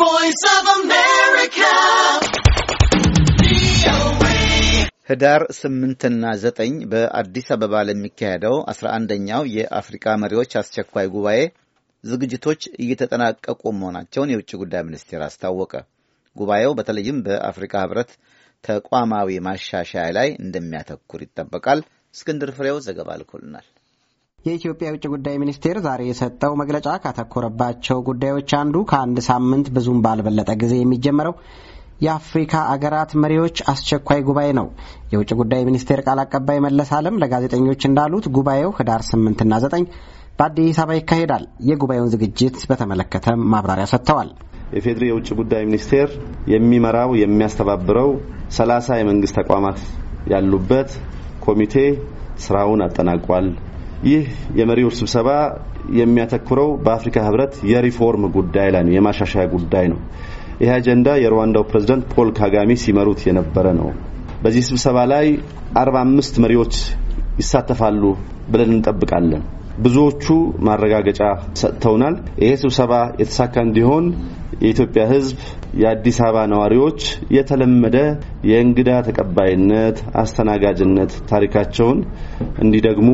voice of America. ህዳር ስምንትና ዘጠኝ በአዲስ አበባ ለሚካሄደው አስራ አንደኛው የአፍሪካ መሪዎች አስቸኳይ ጉባኤ ዝግጅቶች እየተጠናቀቁ መሆናቸውን የውጭ ጉዳይ ሚኒስቴር አስታወቀ። ጉባኤው በተለይም በአፍሪካ ህብረት ተቋማዊ ማሻሻያ ላይ እንደሚያተኩር ይጠበቃል። እስክንድር ፍሬው ዘገባ ልኮልናል። የኢትዮጵያ የውጭ ጉዳይ ሚኒስቴር ዛሬ የሰጠው መግለጫ ካተኮረባቸው ጉዳዮች አንዱ ከአንድ ሳምንት ብዙም ባልበለጠ ጊዜ የሚጀመረው የአፍሪካ አገራት መሪዎች አስቸኳይ ጉባኤ ነው። የውጭ ጉዳይ ሚኒስቴር ቃል አቀባይ መለስ ዓለም ለጋዜጠኞች እንዳሉት ጉባኤው ህዳር ስምንት ና ዘጠኝ በአዲስ አበባ ይካሄዳል። የጉባኤውን ዝግጅት በተመለከተ ማብራሪያ ሰጥተዋል። የፌዴሪ የውጭ ጉዳይ ሚኒስቴር የሚመራው የሚያስተባብረው ሰላሳ የመንግስት ተቋማት ያሉበት ኮሚቴ ስራውን አጠናቋል ይህ የመሪዎች ስብሰባ የሚያተኩረው በአፍሪካ ህብረት የሪፎርም ጉዳይ ላይ ነው፣ የማሻሻያ ጉዳይ ነው። ይህ አጀንዳ የሩዋንዳው ፕሬዝዳንት ፖል ካጋሜ ሲመሩት የነበረ ነው። በዚህ ስብሰባ ላይ አርባ አምስት መሪዎች ይሳተፋሉ ብለን እንጠብቃለን። ብዙዎቹ ማረጋገጫ ሰጥተውናል። ይሄ ስብሰባ የተሳካ እንዲሆን የኢትዮጵያ ህዝብ የአዲስ አበባ ነዋሪዎች የተለመደ የእንግዳ ተቀባይነት አስተናጋጅነት ታሪካቸውን እንዲደግሙ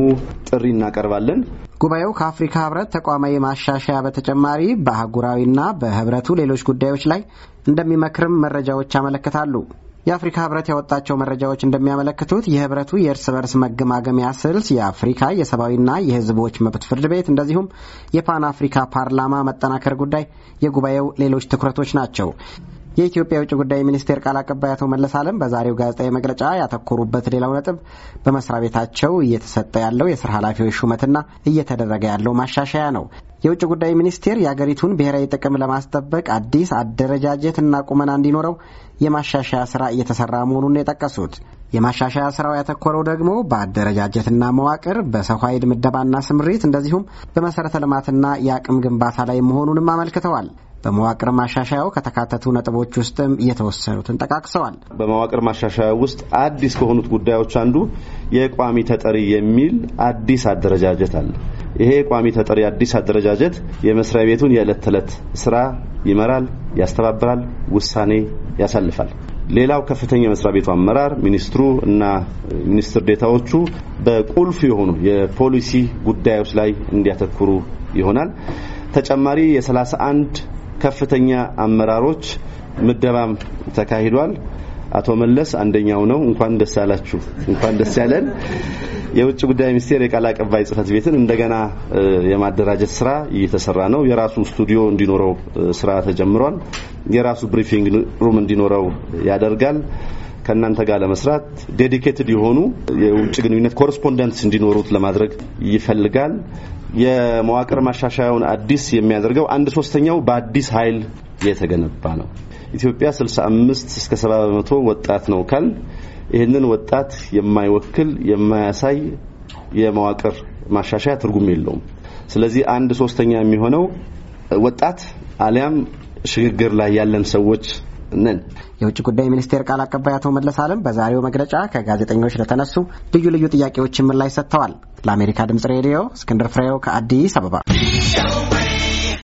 ጥሪ እናቀርባለን። ጉባኤው ከአፍሪካ ህብረት ተቋማዊ ማሻሻያ በተጨማሪ በአህጉራዊና በህብረቱ ሌሎች ጉዳዮች ላይ እንደሚመክርም መረጃዎች ያመለክታሉ። የአፍሪካ ህብረት ያወጣቸው መረጃዎች እንደሚያመለክቱት የህብረቱ የእርስ በርስ መገማገሚያ ስልስ የአፍሪካ የሰብአዊና የህዝቦች መብት ፍርድ ቤት እንደዚሁም የፓን አፍሪካ ፓርላማ መጠናከር ጉዳይ የጉባኤው ሌሎች ትኩረቶች ናቸው። የኢትዮጵያ የውጭ ጉዳይ ሚኒስቴር ቃል አቀባይ አቶ መለስ አለም በዛሬው ጋዜጣዊ መግለጫ ያተኮሩበት ሌላው ነጥብ በመስሪያ ቤታቸው እየተሰጠ ያለው የስራ ኃላፊዎች ሹመትና እየተደረገ ያለው ማሻሻያ ነው። የውጭ ጉዳይ ሚኒስቴር የአገሪቱን ብሔራዊ ጥቅም ለማስጠበቅ አዲስ አደረጃጀትና ቁመና እንዲኖረው የማሻሻያ ስራ እየተሰራ መሆኑን የጠቀሱት የማሻሻያ ስራው ያተኮረው ደግሞ በአደረጃጀትና መዋቅር፣ በሰው ኃይል ምደባና ስምሪት እንደዚሁም በመሰረተ ልማትና የአቅም ግንባታ ላይ መሆኑንም አመልክተዋል። በመዋቅር ማሻሻያው ከተካተቱ ነጥቦች ውስጥም እየተወሰኑትን ጠቃቅሰዋል። በመዋቅር ማሻሻያ ውስጥ አዲስ ከሆኑት ጉዳዮች አንዱ የቋሚ ተጠሪ የሚል አዲስ አደረጃጀት አለ። ይሄ የቋሚ ተጠሪ አዲስ አደረጃጀት የመስሪያ ቤቱን የዕለት ተዕለት ስራ ይመራል፣ ያስተባብራል፣ ውሳኔ ያሳልፋል። ሌላው ከፍተኛ የመስሪያ ቤቱ አመራር ሚኒስትሩ እና ሚኒስትር ዴታዎቹ በቁልፍ የሆኑ የፖሊሲ ጉዳዮች ላይ እንዲያተኩሩ ይሆናል። ተጨማሪ የ31 ከፍተኛ አመራሮች ምደባም ተካሂዷል። አቶ መለስ አንደኛው ነው። እንኳን ደስ አላችሁ፣ እንኳን ደስ ያለን። የውጭ ጉዳይ ሚኒስቴር የቃል አቀባይ ጽህፈት ቤትን እንደገና የማደራጀት ስራ እየተሰራ ነው። የራሱ ስቱዲዮ እንዲኖረው ስራ ተጀምሯል። የራሱ ብሪፊንግ ሩም እንዲኖረው ያደርጋል። ከእናንተ ጋር ለመስራት ዴዲኬትድ የሆኑ የውጭ ግንኙነት ኮረስፖንደንስ እንዲኖሩት ለማድረግ ይፈልጋል። የመዋቅር ማሻሻያውን አዲስ የሚያደርገው አንድ ሶስተኛው በአዲስ ኃይል የተገነባ ነው። ኢትዮጵያ 65 እስከ 70 በመቶ ወጣት ነው ካል ይህንን ወጣት የማይወክል የማያሳይ የመዋቅር ማሻሻያ ትርጉም የለውም። ስለዚህ አንድ ሶስተኛ የሚሆነው ወጣት አሊያም ሽግግር ላይ ያለን ሰዎች ነን። የውጭ ጉዳይ ሚኒስቴር ቃል አቀባይ አቶ መለስ አለም በዛሬው መግለጫ ከጋዜጠኞች ለተነሱ ልዩ ልዩ ጥያቄዎች ምላሽ ሰጥተዋል። ለአሜሪካ ድምጽ ሬዲዮ እስክንድር ፍሬው ከአዲስ አበባ